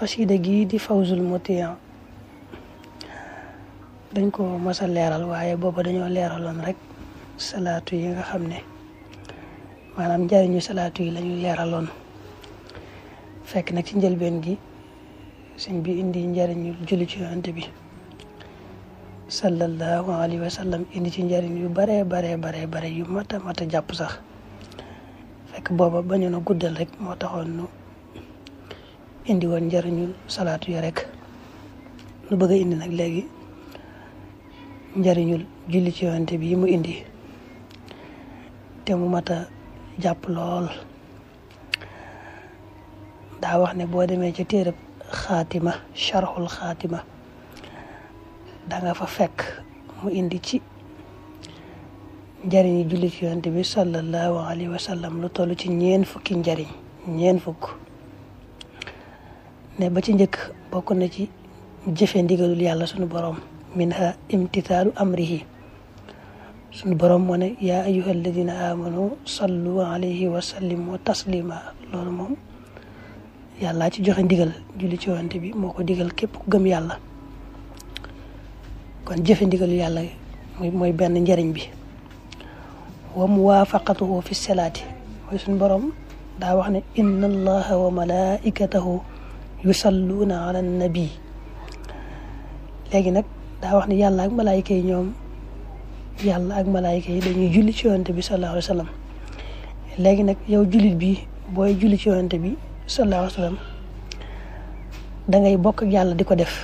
xasida gi di fawzul mutiyan ah, dañ ko mës leeral waaye booba dañoo leeraloon rek salaatu yi nga xam ne maanaam njariñu salaatu yi lañu leeraloon fekk nag ci njëlbeen gi sëñ bi indi njariñu julli ci yonent bi sallallahu alayhi wa indi ci njariñ yu baree baree baree bare yu mat a mat jàpp sax fekk booba bañu na guddal rek moo taxoon indi woon njëriñu salaatu yi rek nu bëgg a indi nag léegi njëriñul julli ci yonent bi mu indi te mu mat a jàpp lool daa wax ne boo demee ci téereb xaatima charxul xaatima danga fa fekk mu indi ci njariñ julli ci yonent bi sallallahu alayhi wa lu toll ci ñeen fukki njariñ ñeen fukk ne ba ci njëkk bokk na ci jëfe ndigalul yàlla sunu borom minha imtithalu amrihi sunu borom mo ne ya ayyuhal ladina amanu sallu alayhi wa sallimu taslima loolu moom yàlla ci joxe ndigal julli ci wante bi moko digal képp ku gëm yàlla kon jëfe ndigalul yàlla moy moy benn njariñ bi wa muwafaqatuhu fi salaati moy sunu borom daa wax ne inna allaha wa malaikatahu يصلون على النبي لكنك دا واخني يالا اك ملائكه نيوم يالا اك ملائكه دانيو جولي سي يونت بي صلى الله عليه وسلم لكن نك يو جوليت بي بوي جولي سي يونت بي صلى الله عليه وسلم دا غاي بوك اك يالا ديكو ديف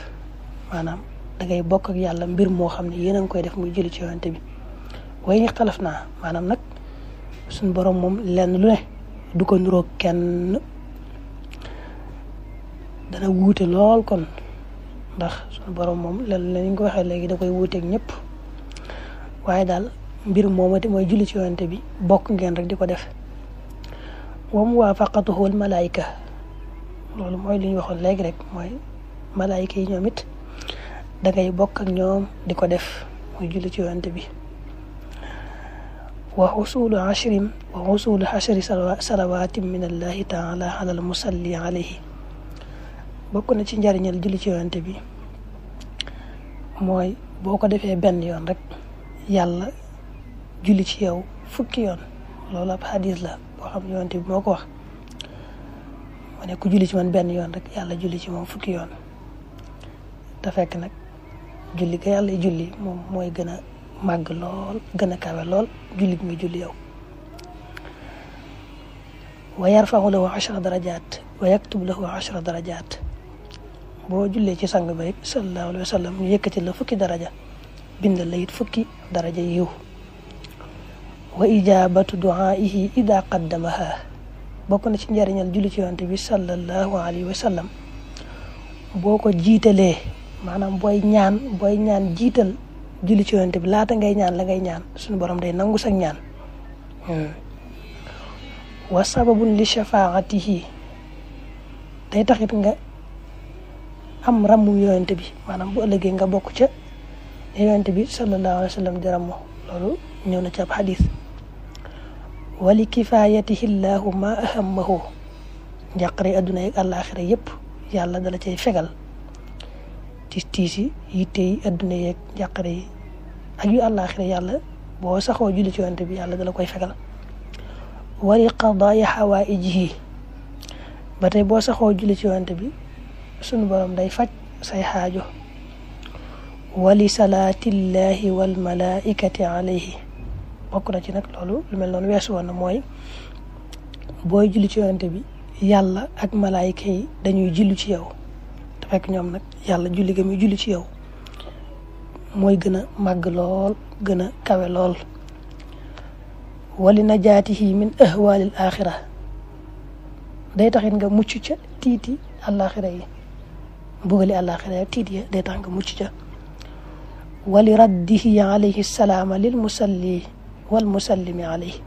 مانام دا غاي بوك اك يالا مبير مو خامني يي نانكوي ديف مو جولي سي يونت بي وي ني اختلفنا مانام نك سون بروم موم لين لو نه دوكو نرو كين dana wuute lool kon ndax sunu borom moom lan la ñu ko waxee léegi da koy wuuteeg ñëpp waaye daal mbir moomati mooy julli ci yonante bi bokk ngeen rek di ko def wa muwaafaqatuhu al malaayika loolu mooy li ñu waxoon léegi rek mooy malaayika yi ñoom it da ngay bokk ak ñoom di ko def muy julli ci yonante bi wa usulu ashrim wa usulu ashri salawaatin min allahi taala ala al musalli alayhi bokk na ci njariñal julli ci yonante bi mooy boo ko defee benn yoon rek yàlla julli ci yow fukki yoon loolu ab xadis la boo xam yonante bi ko wax ma ne ku julli ci man benn yoon rek yàlla julli ci moom fukki yoon te fekk nag julli ga yàlla julli moom mooy gën a màgg lool gën a kawe lool julli bi nga julli yow wa yarfahu lahu achra darajat wa yaktub lahu achra darajat bo julle ci sang ba rek sallallahu Alaihi Wasallam ñu yëkëti la fukki daraja bind la yit fukki daraja yiw wa ijabatu duaihi idha qaddamaha bokku na ci ñariñal julli ci yonte bi sallallahu Alaihi Wasallam, boko jitalé manam boy ñaan boy ñaan jital julli ci yonte bi laata ngay ñaan la ngay ñaan suñu borom day nangu sa ñaan wa sababun li shafaatihi day taxit nga am rammu yonent bi maanaam bu ëllëgee nga bokk ca yonent bi sallallahu alayhi wa sallam loolu ñëw na ci ab xadis wali kifaayatihi llaahu ahammahu njàqare adduna yi ak àllaaxira yëpp yàlla dala cay fegal tiis tiis yi yitte yi adduna yàlla boo saxoo julli ci yonent bi yàlla dala koy fegal wali qadaaya xawaa'ijihi ba tey boo saxoo julli ci yonent bi sunu borom day faj say xaajo wali salaatillahi wal malaikati alayhi bokk na ci nag loolu lu mel noonu weesu woon mooy booy julli ci yonante bi yàlla ak malaayika dañuy julli ci yow te fekk ñoom nag yàlla julli ga muy julli ci yow mooy gën a màgg lool gën a kawe lool wali najaatihi min ahwaalil axira day taxit nga mucc ci tiiti àllaaxira yi mbugali àllaaxira tiit ya day tax nga mucc ca wali raddihi alayhi salaama lil musalli wal musallimi alayhi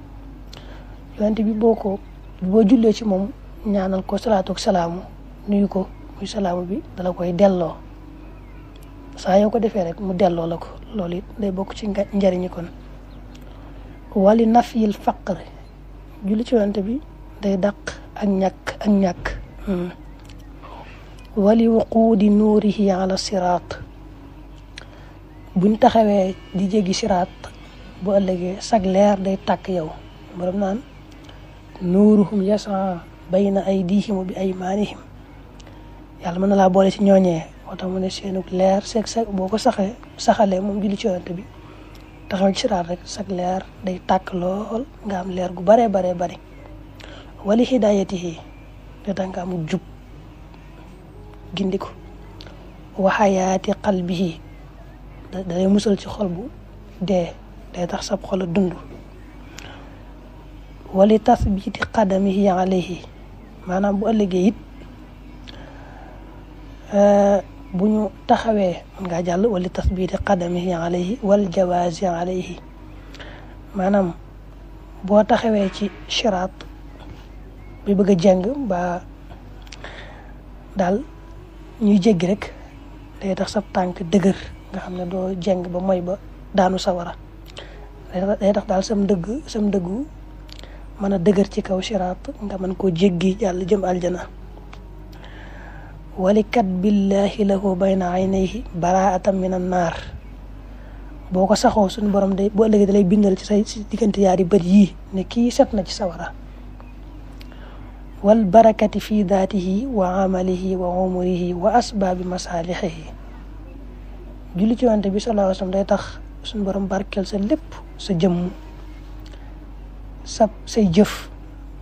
yonent bi boo ko boo jullee ci moom ñaanal ko salaatu ak salaamu nuyu ko muy salaamu bi dala koy delloo sa yoo ko defee rek mu delloo la ko loolu it day bokk ci njariñi kon wali nafyil faqr julli ci yonent bi day dàq ak ñàkk ak ñàkk hmm. Wali نوره على الصراط buñ taxawé di jéggi sirat bu ëllëgé sag leer day tak yow borom naan nuruhum yasa bayna aydihim bi aymanihim yalla mëna la boole ci ñoñé wata mu ne seenuk leer sek sek boko saxé saxalé mom julli ci yonte bi taxaw ci sirat rek sag leer day tak bare bare bare wali hidayatihi da Datang am jup gindiku wa xayaati qalbihi dalay musal ci xol bu dee day tax sab xol a dund wali tasbiti qadamihi alayhi maanaam bu ëllëgee it euh, bu ñu taxawee mën ngaa jàll wali tasbiti qadamihi alayhi wal jawaasi alayhi maanaam boo taxawee ci shiraat bi bëgg a jàng ba dal ñuy jéggi rek day tax sa tànk dëgër nga xam ne doo jeng ba moy ba daanu sawara day tax daal sam dëgg sam dëggu mën a dëgër ci kaw siraat nga mën koo jéggi jàll jëm aljana walikat billahi ko bayna aynayhi baraatan min an naar boo ko saxoo sunu borom day bu ëllëgee da lay bindal ci say diggante yaari bët yii ne kii set na ci sawara والبركة في ذاته وعمله وعمره wa asbaabi masaalixihi julli ci Yonent bi sallallaahu alayhi wa sallam day tax suñ borom barkeel sa lépp sa jëmm sa say jëf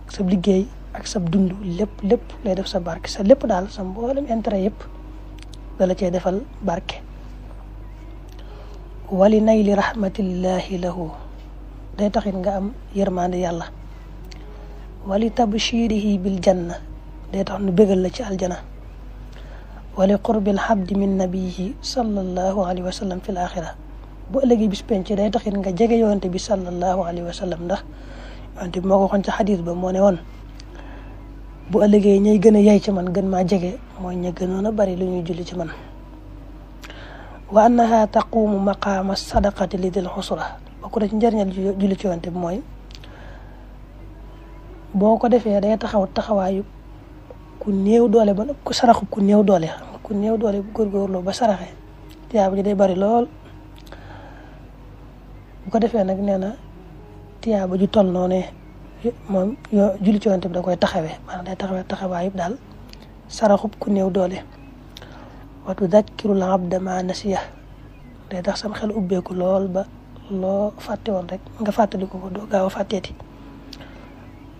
sa liggéey ak sa dund lépp lépp lay def sa barke sa lépp daal sa mboolem intérêt yëpp dala cee defal barke wali nay li rahmatillahi lahu day taxit nga am yërmande yàlla wali tabshirihi bil janna day tax nu bégal la ci aljana wali qurbil habdi min nabiyihi sallallahu alayhi wa sallam fil axira bu ëllëgee bis penc day tax it nga jege yonante bi sallallahu alayhi wa sallam ndax yonante bi moo ci xadis ba moo ne woon bu ëllëgee ñay gën a yey ci man gën ma jege mooy ña gënoon a bari lu ñuy julli ci man wa annaha taqumu maqaama sadaqati li dil xusra bokk na ci njëriñal juli ci yonante bi mooy boo ko defee day taxaw taxawaayu ku néew doole ba ku saraxu ku néew doole ku néew doole bu góorgóorloo ba saraxe tiyaaba ji day bari lool bu ko defee nag nee na tiyaaba ju toll noonu moom yoo julli ci bi da koy taxawee maanaam day taxawee taxawaayu daal saraxub ku néew doole wa tudakkirul abda maa nasiya day tax sam xel ubbeeku lool ba loo fàtte woon rek nga fàttali ko ko doo gaaw a fàtteeti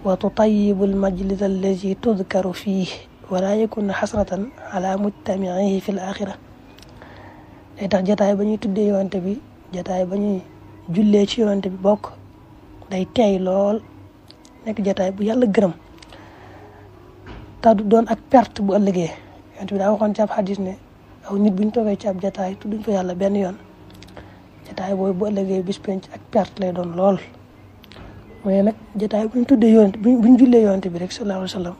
وتطيب المجلس الذي تذكر فيه ولا يكون حسرة على متمعيه في الآخرة إذا جتاي بني تدي يوان تبي جتاي بني جلية شي يوان تبي بوك داي تاي لول نك جتاي بو يالا گرم تا دون اك بيرت بو ألغي يوان تبي دا وخون تاب حديث ني أو نيت بني توغي تاب جتاي تدون فو يالا بين يوان جتاي بو بو ألغي بيس بنج اك بيرت لي دون لول waaye nag jotaay bu ñu tuddee yonent bu ñu jullee yonent bi rek sallallahu alayhi wa sallam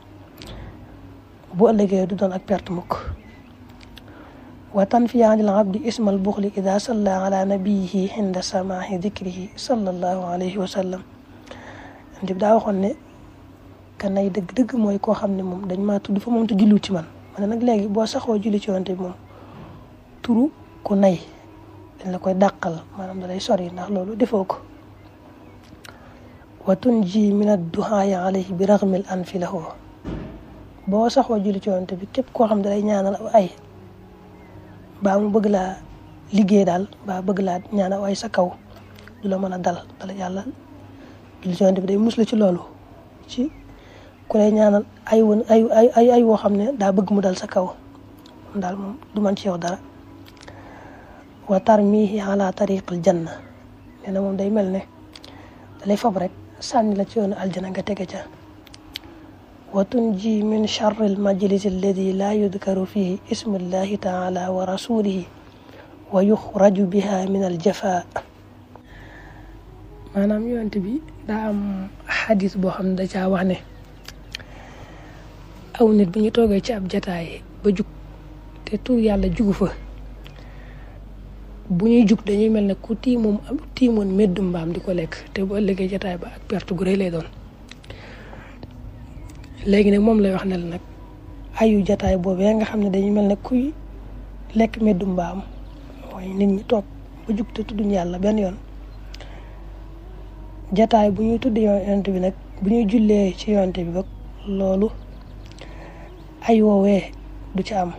bu ëllëgee du doon ak perte mukk wa tanfi anil abdi ismal buxli ida salla ala nabiyihi inda samaahi dikrihi sallallahu alayhi wa sallam andi bi daa waxoon ne kan ay dëgg-dëgg mooy koo xam ne moom dañ maa tudd fa moom te jullu ci man ma nag léegi boo saxoo julli ci yonent bi moom turu ku nay dañ la koy dàqal maanaam da lay sori ndax loolu defoo ko watunji min adduhaai alayhi bi ragmi al anfi lahu boo saxoo julli ci yonte bi képp koo xam ne lay ñaanal ay baa mu bëgg laa liggéey daal baa bëgg laa ñaanal aw ay sa kaw du la mën dal dala yàlla julli ci yonte bi day musla ci loolu ci ku lay ñaanal ay ay ay ay bëgg mu dal sa kaw daal moom du man ci yow dara wa tarmihi ala tariqil janna nee na moom day ne dalay fab rek sànni la ci yoonu aljana nga tege ca wa tunji min charri almajlisi alladi laa yudkaru fihi ismullahi taala wa rasulihi wa yuxraju biha min aljafa maanaam yonent bi daa am xadis boo xam ne da caa wax ne aw nit bu ñu toogee ci ab jataay ba jug te tur yàlla jugu fa bu ñuy jug dañuy mel ne ku tiimoon tiimoon meddu mbaam di ko lekk te bu ëllëgee jataay ba ak perte gu rëy lay doon léegi nag moom lay wax ne la nag ayu jataay boobee nga xam ne dañuy mel ne kuy lekk meddu mbaam mooy nit ñi toog ba jug te tudduñ yàlla benn yoon jataay bu ñuy tudd yonent bi nag bu ñuy jullee ci yonent bi ba loolu ay woowee du ci am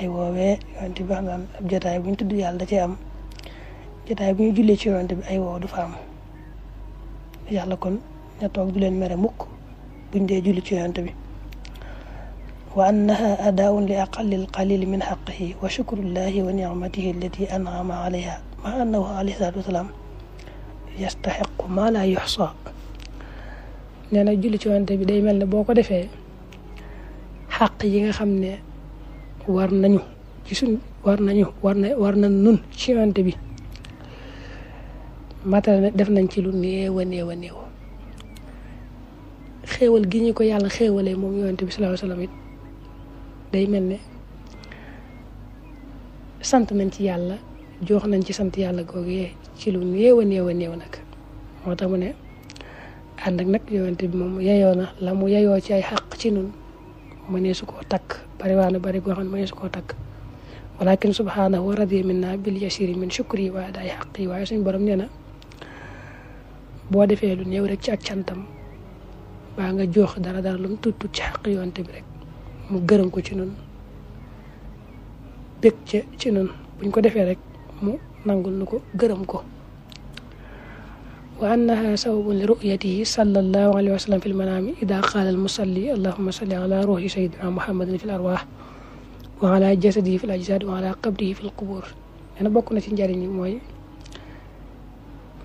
ay woowee yonte bi xam am ab jotaay bu ñu tudd yàlla da cee am jotaay bu ñu jullee ci yonte bi ay woow du fa am yàlla kon ña toog du leen mere mukk buñ dee julli ci yonte bi wa annaha adaaun li aqallil qalil min xaqihi wa shukrullahi wa nicmatihi allati anama alayha ma annahu alayhi salatu wasalaam yastaxiqu ma la yuxsa nee na julli ci yonte bi day mel ne boo ko defee xaq yi nga xam ne war nañu ci suñ war nañu war na war na nun ci yonante bi matale def nañ ci lu néew a neewa a néew gi ñu ko yàlla xéewalee moom yonante bi sallallahu day mel ne sant nañ ci yàlla jox nañ ci sant yàlla googee ci lu néew a néew a nag moo tax mu ne ànd ak nag yonante bi moom yeyoo na la mu yayoo ci ay xaq ci nun mënee su koo takk bari waa na bari goo xam ne mënee su koo takk walakin subhaanahu wa radiya min na bil yasiri min shukri waaye daay xaq yi waaye suñ borom nee na boo defee lu néew rek ci ak cantam baa nga jox dara dara lu mu tut tut ci xaq yoonte bi rek mu gërëm ko ci nun bég ca ci nun buñ ko defee rek mu nangul nu ko gërëm ko وأنها سبب لرؤيته صلى الله عليه وسلم في المنام إذا قال المصلي اللهم صل على روح سيدنا محمد في الأرواح وعلى جسده في الأجساد وعلى قبره في القبور dana bokk na ci njariñ yi mooy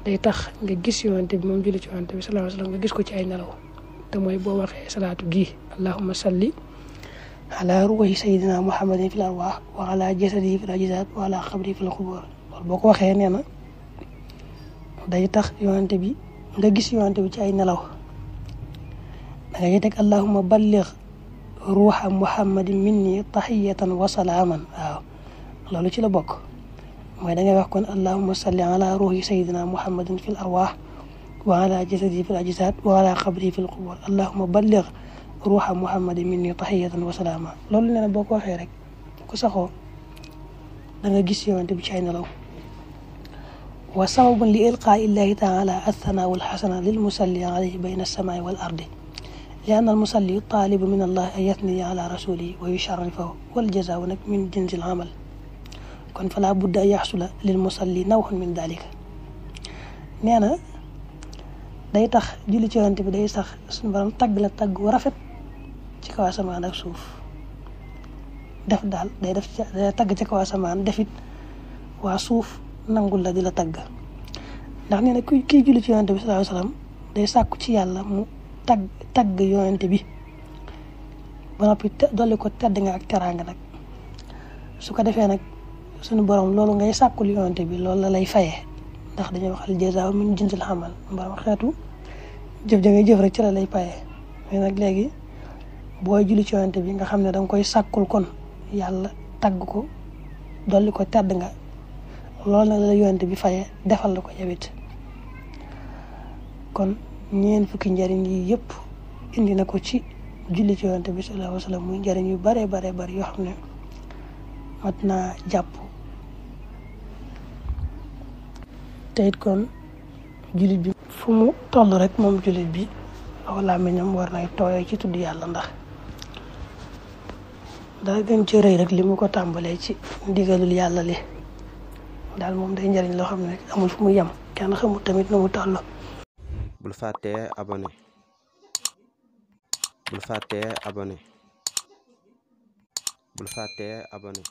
day tax nga gis yonante bi moom julli ci yonante bi sallallahu alayhi wasallam nga gis ko ci ay nelaw te mooy boo waxee salaatu gi allahumma salli ala ruuhi sayidina muhammadin fil arwaax wa ala jasadihi fil ajsaad wa ala xabrihi fil xubuur loolu boo ko waxee nee na day tax yonante bi nga gis yonante bi ci ay nelaw da ngay teg allahumma balligh ruha muhammadin minni tahiyatan wa salaman waaw loolu ci la bokk mooy da ngay wax kon allahumma salli ala ruhi sayidina muhammadin fi l arwaax wa ala jasadi fi l ajsaad wa ala qabri fi l qubur allahuma balligh ruha muhammadin minni tahiyatan wa salaman loolu nee na boo ko waxee rek ku saxoo da nga gis yonante bi ci ay nelaw وسبب لإلقاء الله تعالى الثناء والحسنة للمصلي عليه بين السماء والأرض لأن المصلي الطالب من الله أن يثني على رسوله ويشرفه والجزاء من جنس العمل كن فلا بد أن يحصل للمصلي نوع من ذلك نانا داي تخ جولي تي يونتي داي تخ سن بارام تاغ لا تاغ ورافيت تي كوا سمان داك سوف داف دال داي داف تاغ تي كوا سمان دافيت وا سوف nangul la di la ndax nee na ki julli ci yonente bi sallallahu alayhi wasallam day sakku ci yalla mu tag tag bi ba noppi dolli ko tedd nga ak terang nak su ko defé nak suñu borom lolu ngay bi lolu la lay fayé ndax dañu waxal jazaa min jinsil hamal borom xeetu jëf ja jëf rek ci la lay payé mais nak légui booy julli ci yonente bi nga xamné dang koy sakul kon yalla tag ko dolli ko tedd nga loolu nag la yonent bi faye defal la ko yawit kon ñeen fukki njariñ yi yëpp indi na ko ci julli ci bi sallallahu alayhi wa sallam muy njëriñ yu bare bare bari yoo xam ne mat jàpp te kon jullit bi fu mu rek moom jullit bi aw làmmiñam war nay tooyoo ci tudd yàlla ndax daa gën ci rëy rek li ko tàmbalee ci ndigalul yàlla li dal mom day ñariñ lo xamne amul fu mu yam kenn xamu tamit nu mu toll. bul faté abonné bul faté abonné bul faté abonné.